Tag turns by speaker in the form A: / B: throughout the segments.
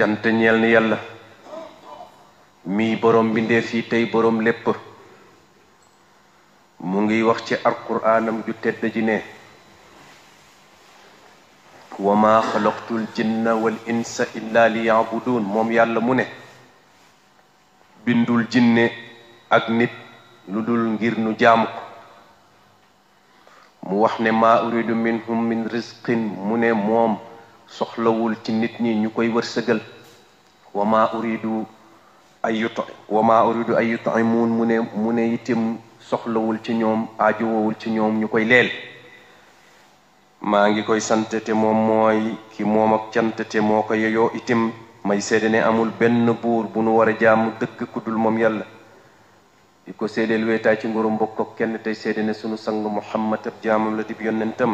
A: cant ñeel ni yàlla mii boroom mbindeef yi tey boroom lépp mu ngi wax ci alquraanam ju tedd ji ne wa maa xalaqtul jinna wal insa illa li yaabuduun moom yàlla mu ne bindul jinne ak nit lu dul ngir nu jaamu ko mu wax ne maa uridu minhum min rizqin mu ne moom soxlawul ci nit ñi ñu koy wërsëgal wa maa uridu ay yuti wa maa uridu ay yutimuun mu ne mu ne itam soxlawul ci ñoom aajowowul ci ñoom ñu koy leel maa ngi koy santate te moom mooy ki moom ak cant moo ko yeyoo itam may seede ne amul benn buur bu nu war a jaamu dëgg ku moom yàlla di ko séedeel weetaay ci nguuru mbokk kenn tey seede ne sunu sang Muhammad ab jaamam la dib yonentam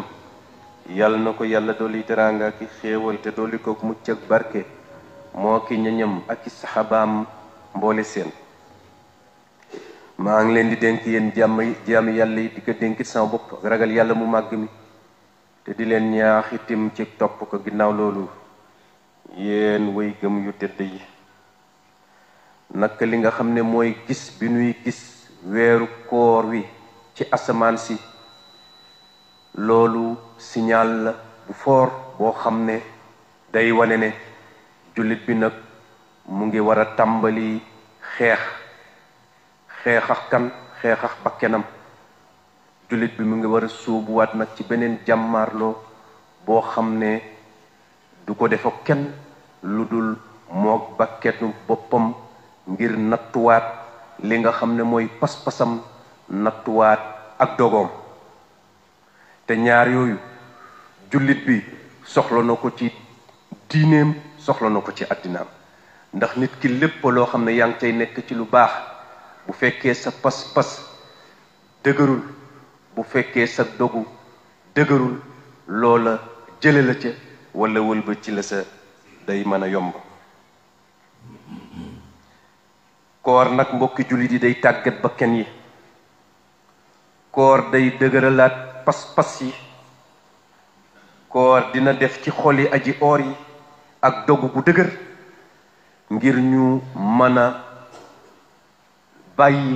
A: yal na ko yàlla dolli teraanga ki xéewal te dolli ko mucc ak barke moo ki ñañam ak i saxabaam mboole seen maa ngi leen di dénk yenn jàmm jàmm yàlla yi di ko dénkit sama bopp ragal yàlla mu màgg mi te di leen ñaax itam ci topp ko ginnaaw loolu yéen way gëm yu tëdd yi naka li nga xam ne mooy gis bi nuy gis weeru koor wi ci asamaan si loolu signal la bu fort boo xam ne day wane ne jullit bi nag mu ngi war a tàmbali xeex xeex ak kan xeex bakkenam jullit bi mu ngi war a sóobuwaat nag ci beneen jàmmaarloo boo xam ne du ko defa kenn lu dul mook bakkenu boppam ngir nattuwaat li nga xam ne mooy pas-pasam nattuwaat ak dogoom te ñaar yooyu jullit bi soxla na ko ci diineem soxla na ko ci àddinaam ndax nit ki lépp loo xam ne yaa ngi cay nekk ci lu baax bu fekkee sa pas-pas dëgërul bu fekkee sa dogu dëgërul loola jële la ca walla wëlba ci la sa day mën a yomb koor nag mbokki jullit yi day tàggat ba kenn yi koor day dëgëralaat pas-pas yi koor dina def ci xol yi aji oor yi ak dogu bu dëgër ngir ñu mën a bàyyi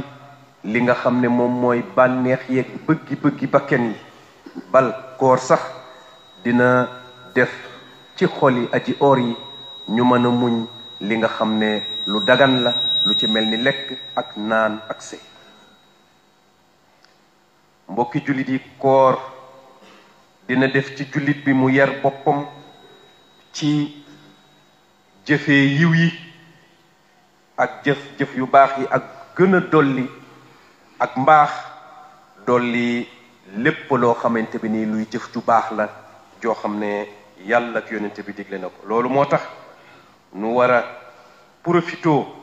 A: li nga xam ne moom mooy bànneex yeeg bëggi bëggi bakken yi bal koor sax dina def ci xol yi aji oor yi ñu mën a muñ li nga xam ne lu dagan la lu ci mel ni lekk ak naan ak mbokki jullit yi koor dina def ci jullit bi mu yar boppam ci jëfee yiw yi ak jëf jëf yu baax yi ak gën a dolli ak mbaax dolli lépp loo xamante bi nii luy jëf ju baax la joo xam ne yàlla ak yonente bi digle na ko loolu moo tax nu war a profitoo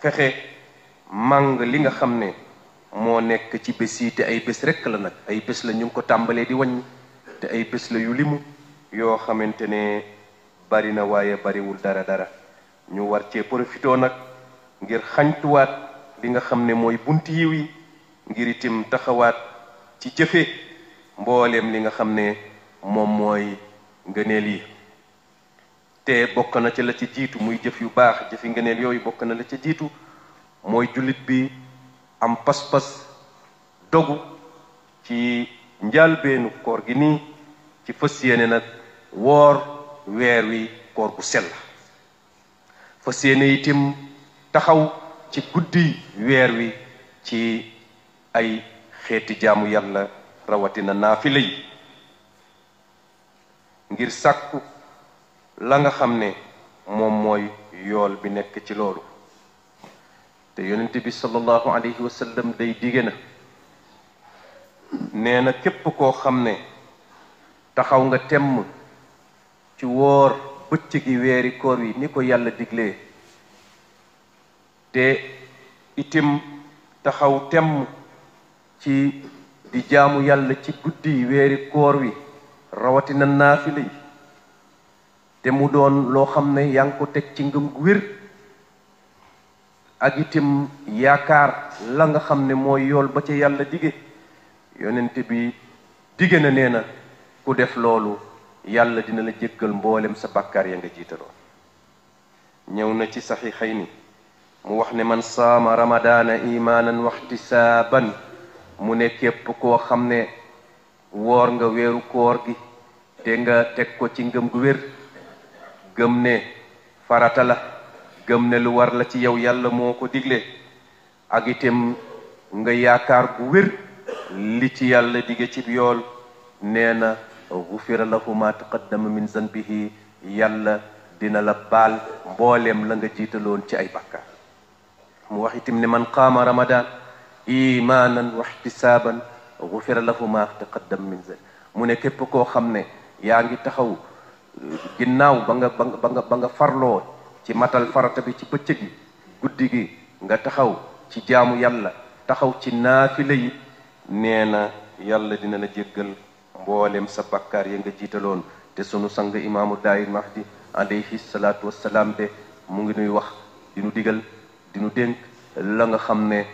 A: fexe màng li nga xam ne moo nekk ci bés yi te ay bés rekk la nag ay bés la ñu ko tàmbalee di wañ te ay bés la yu limu yoo xamante ne bari na waaye bariwul dara dara ñu war cee profitoo nag ngir xañtuwaat li nga xam ne mooy bunt yiw yi ngir itam taxawaat ci jëfe mbooleem li nga xam ne moom mooy ngëneel yi te bokk na ci la ca jiitu muy jëf yu baax jëfi ngëneel yooyu bokk na la ca jiitu mooy jullit bi am pas-pas dogu ci njaalbeenu koor gi nii ci fas yéene na woor weer wi koor gu sell fas yéene itam taxaw ci guddi weer wi ci ay xeeti jaamu yàlla rawatina naafila yi ngir sàkku la nga xam ne moom mooy yool bi nekk ci loolu te yonent bi sallallahu alayhi wa sallam day dige na nee na képp koo xam ne taxaw nga temm ci woor bëcc weeri koor wi ni ko yàlla diglee te itim taxaw temm ci di jaamu yàlla ci guddi weeri koor wi rawatina naafila yi te mu doon loo xam ne yaa ngi ko teg ci ngëm gu wér ak Yakar yaakaar la nga xam ne mooy yool ba ca yàlla dige yonent bi dige na nee na ku def loolu yàlla dina la jéggal mboolem sa bàkkaar ya nga jiitaloon ñëw na ci saxiixay ni mu wax ne man saama ramadaana imaanan waxtisaaban mu ne képp koo xam ne woor nga weeru koor gi te nga teg ko ci ngëm gu wér gëm ne farata la gëm ne lu war la ci yow yàlla moko digle ak itam nga yaakar gu wér li ci yàlla dige ci yool néna ghufira gufira lahu ma taqaddama min zanbihi yàlla dina la bal mbooleem la nga jitalon ci ay bakkar mu wax itam ne man qama ramadan imanan wa ihtisaban ghufira lahu ma taqaddama min zanbihi mu ne kep ko xamné yaangi taxaw ginnaw ba nga ba nga ba nga ci matal farata bi ci bëccëg gi guddi gi nga taxaw ci jaamu yàlla taxaw ci naafila yi nee na yàlla dina la jéggal mboolem sa bakkaar ya nga jiitaloon te sunu sang imaamu daayir mahdi alayhi salaatu wassalaam de mu ngi nuy wax di nu digal dénk la nga xam ne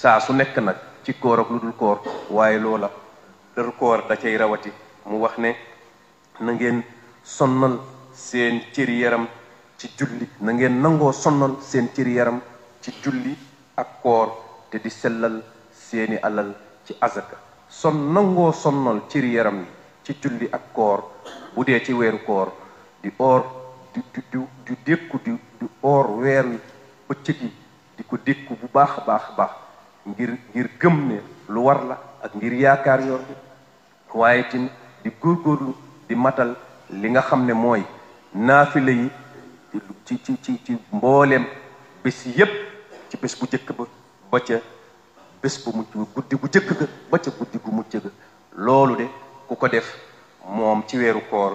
A: saa su nekk nag ci koor ak lu dul koor waaye loola dër koor da cay rawati mu wax ne na ngeen sonnal seen cëri yaram ci julli nangeen nangoo sonnal seen cër yaram ci julli ak koor te di sellal seeni alal ci azaka son nangoo sonnol cër yaram ci julli ak koor bu dee ci weeru koor di oor di di dékku di oor weer bëccëg yi di ko dékku bu baax a baax a baax ngir ngir gëm ne lu war la ak ngir yaakaar yor waaye tin di góorgóorlu di matal li nga xam ne mooy naafile yi ci ci ci ci bés yépp ci bés bu jëkk ba ba ca bés bu mujj guddi gu jëkk ga ba ca guddi gu mujj ga loolu de ku ko def moom ci weeru koor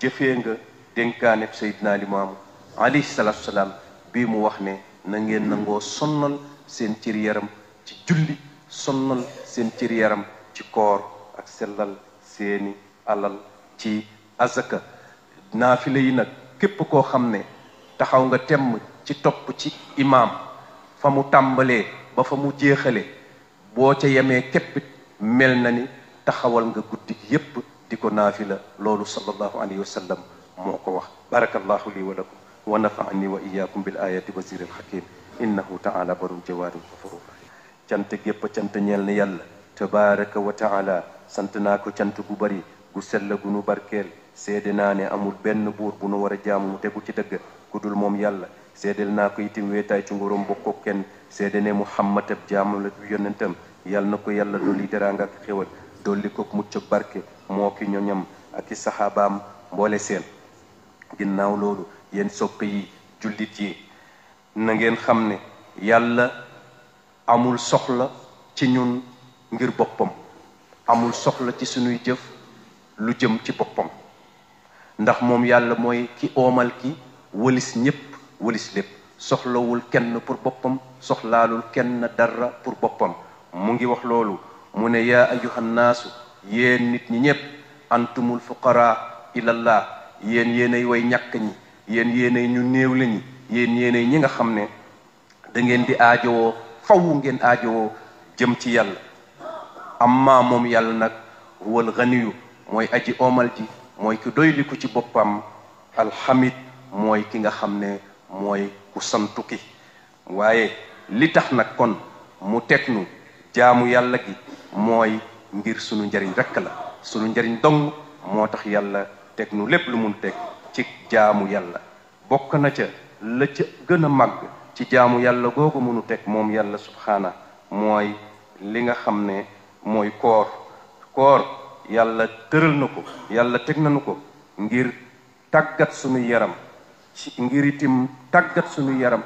A: jëfee nga dénkaaneb Seydina Limaamu alayhi salaatu salaam bii mu wax ne na ngeen nangoo sonnal seen cër yaram ci julli sonnal seen cër yaram ci koor ak sellal seeni alal ci azaka naafile yi nag képp koo xam ne taxaw nga temm ci topp ci imaam fa mu tàmbalee ba fa mu jéexale boo ca yemee képp mel na ni taxawal nga guddi gi yépp di ko naafila loolu sallallahu alayhi wa sallam moo ko wax barakallahu lii wa lakum wa nafaani wa iyaakum bil ayati waziril hakim innahu taala barum jawaadum xafaru cant gépp cant ñeel na yàlla tabaraka wa taala sant naa ko cant gu bari gu sell gu nu barkeel seede naa ne amul benn buur bu nu war a jaamu mu tegu ci dëgg ku dul moom yàlla seedeel naa ko itam weetaay ci nguuram bokkoo kenn seede ne muhammad ab jaamam la du yonentam yàlla na ko yàlla dolli teraanga ak xéwal dolli ko mucc barke moo ki ñoñam ak i saxaabaam mboole seen ginnaaw loolu yéen soppe yi jullit yi na ngeen xam ne yàlla amul soxla ci ñun ngir boppam amul soxla ci sunuy jëf lu jëm ci boppam ndax moom yàlla mooy ki oomal ki wëlis ñépp wëlis lépp soxlawul kenn pour boppam soxlaalul kenn dara pour boppam mu ngi wax loolu mu ne yaa aju naasu yéen nit ñi ñépp antumul fuqara ilallah yéen yéenay way ñàkk ñi yéen yéenay ñu néew la ñi yéen yéenay ñi nga xam ne da ngeen di aajowoo faw ngeen aajowoo jëm ci yàlla amma moom yàlla nag huwal ganiyu mooy aji omal ji mooy ku doyliku ci boppam alhamid mooy ki nga xam ne mooy ku santu ki waaye li tax nag kon mu teg nu jaamu yàlla gi mooy ngir sunu njariñ rekk la sunu njariñ dong moo tax yàlla teg nu lépp lu mun teg ci jaamu yàlla bokk na ca la ca gën a màgg ci jaamu yàlla googu mënu teg moom yàlla subhaana mooy li nga xam ne mooy koor koor yàlla tëral na ko yàlla teg nañu ko ngir tàggat sunu yaram ngir itim tàggat suñu yaram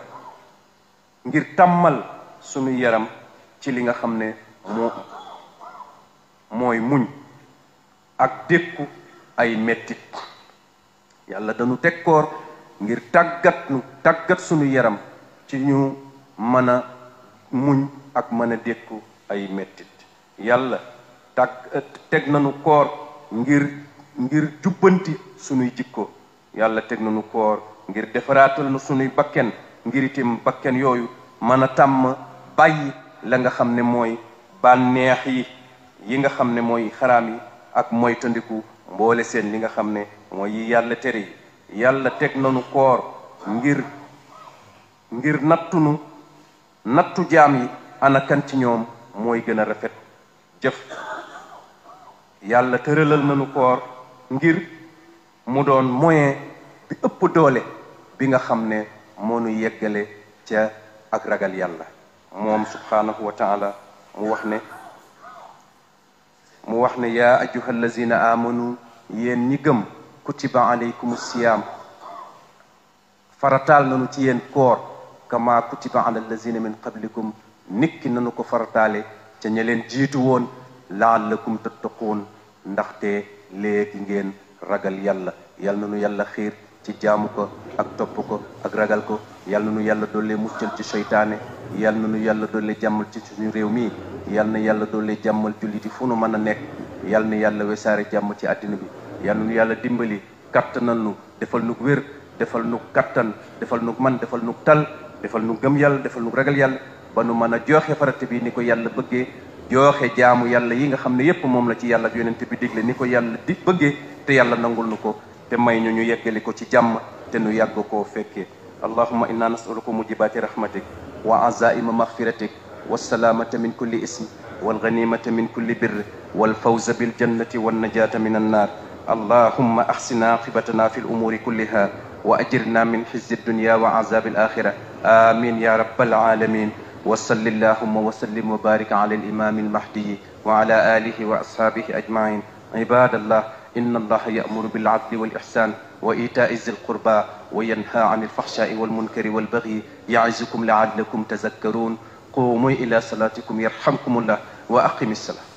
A: ngir tàmmal sunu yaram ci li nga xam ne moo mooy muñ ak dékku ay mettit yàlla dañu teg koor ngir tàggat nu tàggat suñu yaram ci ñu mën muñ ak mën a dékku ay mettit yàlla tàgg teg nañu koor ngir ngir jubbanti suñuy jikko yàlla teg nanu koor ngir defaraatal na sunuy bakken ngir itam bakken yooyu mën a tàmm bàyyi la nga xam ne mooy bànneex yi yi nga xam ne mooy xaraam yi ak moytandiku mboole seen li nga xam ne mooy yàlla tere yi yàlla teg nanu koor ngir ngir nattunu nattu jaam yi ana ci ñoom mooy gën a rafet jëf yàlla tëralal nanu koor ngir mu doon moyen bi ëpp doole bi nga xam ne moo nu yeggale ca ak ragal yàlla moom subhanahu wa taala mu wax ne mu wax ne ya ayyuha allazina amanu yéen ñi gëm kutiba alaykum siyam farataal nanu ci yéen koor kama kutiba ala allazina min qablikum nikki nanu ko farataale ca ña leen jiitu woon laallakum tattaquun ndaxte léegi ngeen ragal yàlla yal nanu yàlla xiir ci jaamu ko ak topp ko ak ragal ko yal na nu yàlla doole muccal ci seytaane yal na nu yàlla doole jàmmal ci suñu réew mi yal na yàlla doole jàmmal jullit yi fu nu mën a nekk yal na yàlla wesaare jàmm ci àddina bi yal na nu yàlla dimbali kattanal nu defal nu wér defal nu kattan defal nu man defal nu tal defal nu gëm yàlla defal nu ragal yàlla ba nu mën a joxe farata bi ni ko yàlla bëggee jooxe jaamu yàlla yi nga xam ne yépp moom la ci yàlla ak te bi digle ni ko yàlla di bëggee te nangul nu ko te may ñu ñu yeggali ko ci jàmm te nu yàgg koo fekkee allahuma inna nasaluka mujibaati rahmatik wa azaima maghfiratik والسلامة من كل اسم والغنيمة من كل بر والفوز بالجنة والنجاة من النار اللهم أحسن عاقبتنا في الأمور كلها وأجرنا من خزي الدنيا وعذاب الآخرة آمين يا رب العالمين وصل اللهم وسلم وبارك على الإمام المهدي وعلى آله وأصحابه أجمعين عباد الله إن الله يأمر بالعدل والإحسان وإيتاء ذي القربى وينهى عن الفحشاء والمنكر والبغي يعزكم لعلكم تذكرون قوموا إلى صلاتكم يرحمكم الله وأقم الصلاة